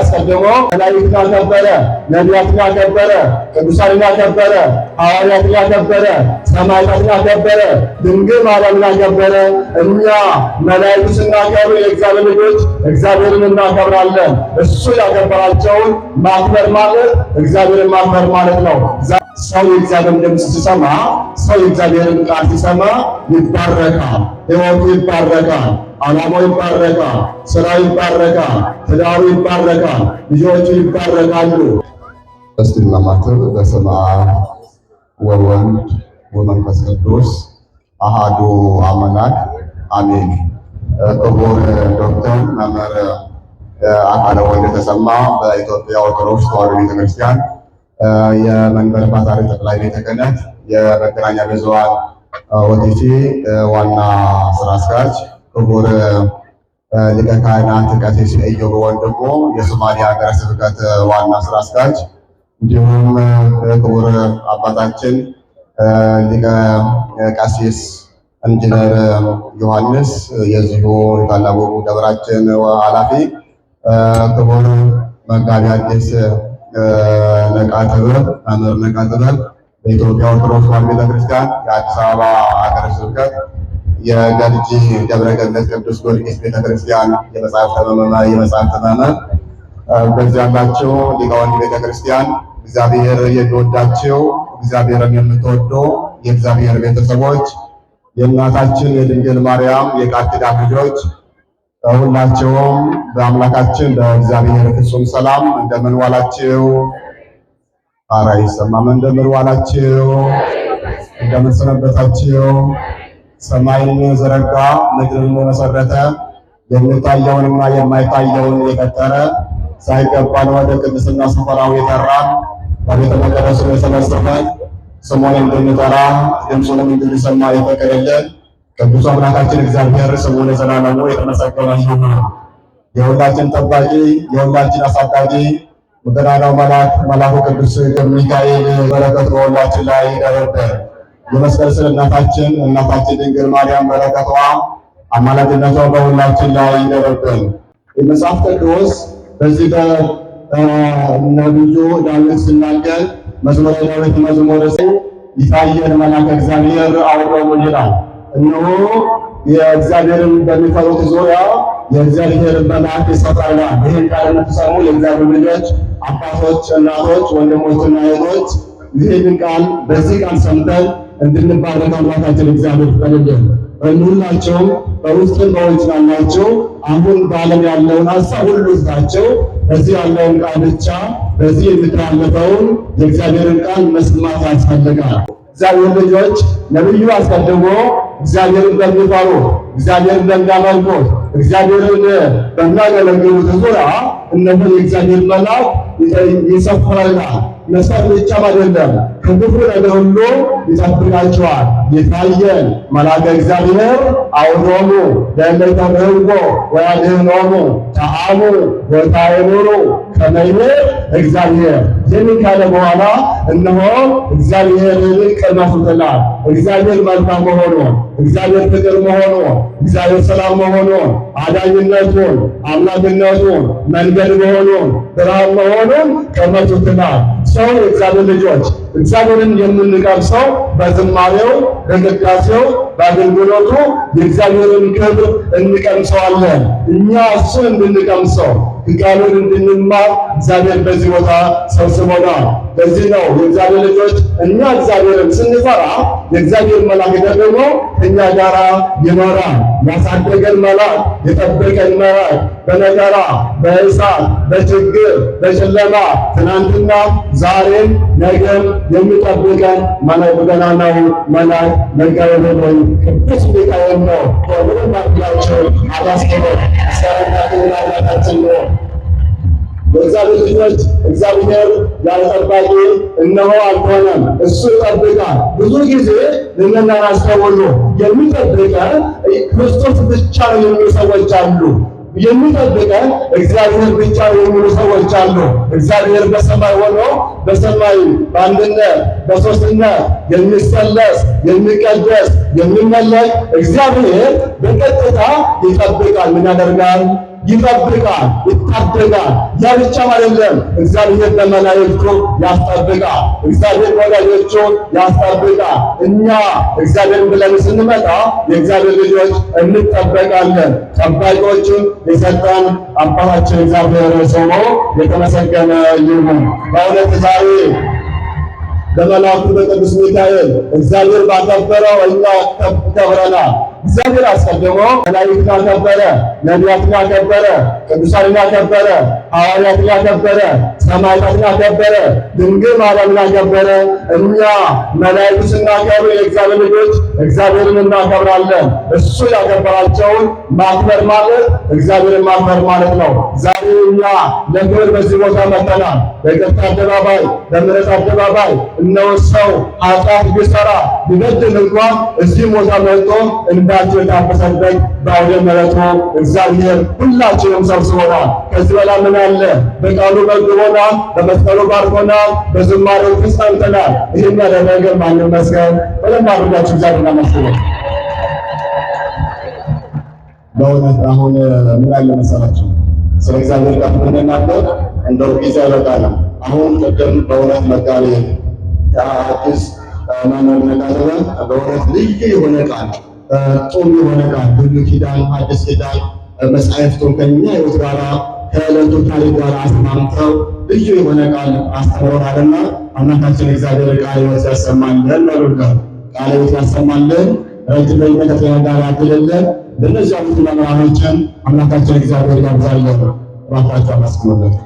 አስቀድሞ ጋር ጋር ነቢያት መላእክትን ቅዱሳን ጋር አከበረ፣ ቅዱሳንን ጋር ሐዋርያትን አከበረ፣ ጋር አከበረ፣ ድንግል ማርያም ጋር አከበረ። እኛ መላእክት ስናከብር የእግዚአብሔር ልጆች እግዚአብሔርን እናከብራለን። እሱ ያከበራቸውን ማክበር ማለት እግዚአብሔርን ማክበር ማለት ነው። ሰው የእግዚአብሔር ድምፅ ሲሰማ ሰው የእግዚአብሔርን ቃል ሲሰማ ይባረካል፣ ህይወቱ ይባረካል፣ አላማው ይባረካል፣ ስራው ይባረካል፣ ትዳሩ ይባረካል፣ ልጆቹ ይባረካሉ። እስቲና እንማማተብ። በስመ አብ ወወልድ ወመንፈስ ቅዱስ አሃዱ አምላክ አሜን። ክቡር ዶክተር መምህር አካለ ወልድ ተሰማ በኢትዮጵያ ኦርቶዶክስ ተዋሕዶ ቤተክርስቲያን የመንበር ባዛር ጠቅላይ ቤተ ክህነት የመገናኛ ብዙኃን ኦቲቲ ዋና ስራ አስኪያጅ ክቡር ሊቀ ካህናት ቀሲስ ኢዮብ ወንድሙ የሶማሊያ ሀገረ ስብከት ዋና ስራ አስኪያጅ፣ እንዲሁም ክቡር አባታችን ሊቀ ቀሲስ ኢንጂነር ዮሐንስ የዚሁ የታላቁ ደብራችን ኃላፊ ክቡር መጋቢ አዲስ ነቃ ጥበብ መምህር ነቃ ጥበብ በኢትዮጵያ ኦርቶዶክስ ተዋሕዶ ቤተክርስቲያን የአዲስ አበባ ሀገረ ስብከት የገርጂ ደብረ ገነት ቅዱስ ጊዮርጊስ ቤተክርስቲያን መምህር መምህር በዚህ ያላቸው ሊቃውንት ቤተክርስቲያን እግዚአብሔር የሚወዳቸው እግዚአብሔርን የምትወዱ የእግዚአብሔር ቤተሰቦች የእናታችን የድንግል ማርያም የቃል ኪዳን ልጆች ሁላቸውም በአምላካችን በእግዚአብሔር ፍጹም ሰላም እንደምን እንደምንዋላችሁ። ኧረ አይሰማም። እንደምን እንደምንሰነበታችሁ። ሰማይን የዘረጋ ምድርን የመሰረተ የሚታየውንና የማይታየውን የፈጠረ ሳይገባን ወደ ቅድስና ስፍራው የጠራን በቤተ መቅደሱ የሰበሰበን ስሙን እንድንጠራ ድምፁንም እንድንሰማ የፈቀደልን ቅዱስ አምላካችን እግዚአብሔር ስሙ ለዘላለሙ የተመሰገነ ይሁን። የሁላችን ጠባቂ፣ የሁላችን አሳዳጊ መገናኛው መልአክ መልአኩ ቅዱስ ሚካኤል በረከት በሁላችን ላይ ይደርብን። የመስቀል ስር እናታችን እናታችን ድንግል ማርያም በረከቷ አማላጅነቷ በሁላችን ላይ ይደርብን። የመጽሐፍ ቅዱስ በዚህ በነብዩ ዳዊት ሲናገር መዝሙረ ዳዊት መዝሙር ይታየን መልአከ እግዚአብሔር አውሎ ይላል እነሆ የእግዚአብሔርን በሚፈሩት ዙሪያ የእግዚአብሔር መልአክ ይሰፍራል። ይህን ቃል የምትሰሙ የእግዚአብሔር ልጆች አባቶች፣ እናቶች፣ ወንድሞችና እህቶች ይህን ቃል በዚህ ቃል ሰምተን እንድንባረክ አምላካችን እግዚአብሔር ይፈልግልን። ሁላቸውም በውስጥን በውጭ ላላቸው አሁን በዓለም ያለውን ሀሳብ ሁሉ ይዛቸው በዚህ ያለውን ቃል ብቻ በዚህ የሚተላለፈውን የእግዚአብሔርን ቃል መስማት ያስፈልጋል። እግዚአብሔር ልጆች ነብዩ አስቀድሞ እግዚአብሔርን በሚፈሩ እግዚአብሔርን በሚያመልኩ እግዚአብሔርን በሚያገለግሉት ዙሪያ እነሆን የእግዚአብሔር መልአክ ይሰፍራልናል። መስራት ብቻም አይደለም፣ ከክፉ ነገር ሁሉ ይጠብቃቸዋል። የታየን መልአከ እግዚአብሔር አውዶሙ ለእለ ተርህጎ ወያድኅኖሙ ተአሙ ወታይኑሩ ከመ እግዚአብሔር ይህን ካለ በኋላ እነሆ እግዚአብሔርን ቀድማ ሰምተናል። እግዚአብሔር መልካም መሆኑን፣ እግዚአብሔር ፍቅር መሆኑን፣ እግዚአብሔር ሰላም መሆኑን፣ አዳኝነቱን፣ አምላክነቱን፣ መንገድ መሆኑን፣ ብርሃን መሆኑን ቀድማ ሰው የእግዚአብሔር ልጆች እግዚአብሔርን የምንቀምሰው በዝማሬው በቅዳሴው በአገልግሎቱ የእግዚአብሔርን ክብር እንቀምሰዋለን። እኛ እሱን እንድንቀምሰው ቃሉን እንድንማር እግዚአብሔር በዚህ ቦታ ሰብስቦናል። በዚህ ነው የእግዚአብሔር ልጆች እኛ እግዚአብሔርን ስንፈራ የእግዚአብሔር መልአክ ደግሞ እኛ ጋራ ይኖራል። ያሳደገን መልአክ፣ የጠበቀን መልአክ በነገራ በእሳት በችግር በጨለማ ትናንትና ዛሬም ነገም የሚጠብቀን መናገናና መልአክ መጋቤ ብሉይ ቅዱስ ሚካኤል ነው። ሁሉም ማድላቸው አላስኪኖ ሰረናትና አባታችን ነው። የእግዚአብሔር ልጆች እግዚአብሔር ያልጠባቂ እነሆ አልሆነም፣ እሱ ይጠብቃል። ብዙ ጊዜ ልንናናስተውሉ የሚጠብቀን ክርስቶስ ብቻ ነው የሚሉ ሰዎች አሉ። የሚጠብቀን እግዚአብሔር ብቻ ነው የሚሉ ሰዎች አሉ። እግዚአብሔር በሰማይ ሆኖ በሰማይ በአንድነት በሶስትነት የሚሰለስ የሚቀደስ የሚመለክ እግዚአብሔር በቀጥታ ይጠብቃል። ምን ያደርጋል? ይጠብቃል፣ ይታደጋል። ያ ብቻም አይደለም፣ እግዚአብሔር በመላእክቱ ያስጠብቃል። እግዚአብሔር ወዳጆቹ ያስጠብቃል። እኛ እግዚአብሔር ብለን ስንመጣ የእግዚአብሔር ልጆች እንጠበቃለን። ጠባቂዎቹን የሰጠን አባታችን እግዚአብሔር ስሙ የተመሰገነ ይሁን። በእውነት ዛሬ በመላእክቱ በቅዱስ ሚካኤል እግዚአብሔር ባከበረው እኛ ከብረናል። እግዚአብሔር አስቀድሞ መላእክትን አከበረ፣ ነቢያትን አከበረ፣ ቅዱሳንን አከበረ ሐዋርያትን ያከበረ፣ ሰማዕታትን ያከበረ፣ ድንግል ማርያምን ከበረ እኛ መላእክት ስናከብር የእግዚአብሔር ልጆች እግዚአብሔርን እናከብራለን። እሱ ያከበራቸውን ማክበር ማለት እግዚአብሔርን ማክበር ማለት ነው። ዛሬ እኛ ለክብር በዚህ ቦታ መጥተናል። በይቅርታ አደባባይ፣ በምሕረት አደባባይ እነሆ ሰው ኃጢአት ቢሰራ ቢበድል እንኳን እዚህ ቦታ መጥቶ እንባቸው የታፈሰበት በአውደ ምሕረቱ እግዚአብሔር ሁላችንም ሰብስቦናል። ከዚህ በላይ አለ። በቃሉ መግቦናል፣ በመስቀሉ ባርኮናል፣ በዝማሬው ተስፋምተናል። ይህን ያደረገ ማን ይመስገን? በደንብ አድርጋችሁ እግዚአብሔርን አመስግኑ። በእውነት አሁን ምን አለ መሰላችሁ ስለ እግዚአብሔር ጋር ምንናገር እንደው ጊዜ ይበቃል። አሁን ቅድም በእውነት መጋቤ ቅዱስ ማኖር ነጋደረ በእውነት ልዩ የሆነ ቃል ጦም የሆነ ቃል ብሉይ ኪዳን አዲስ ኪዳን መጻሕፍቱን ከኛ ሕይወት ጋራ ከዕለቱ ታሪክ ጋር አስማምተው ልዩ የሆነ ቃል አስተምሮታልና አምላካችን እግዚአብሔር ቃለ ሕይወት ያሰማልን። መልጋ ቃለ ሕይወት ያሰማልን። ረጅም በይነት ከጤና ጋር ያድልልን። ለእነዚህ አይነት መምህራኖችን አምላካችን እግዚአብሔር ያብዛልን። ባካቸው አመስግኑለት።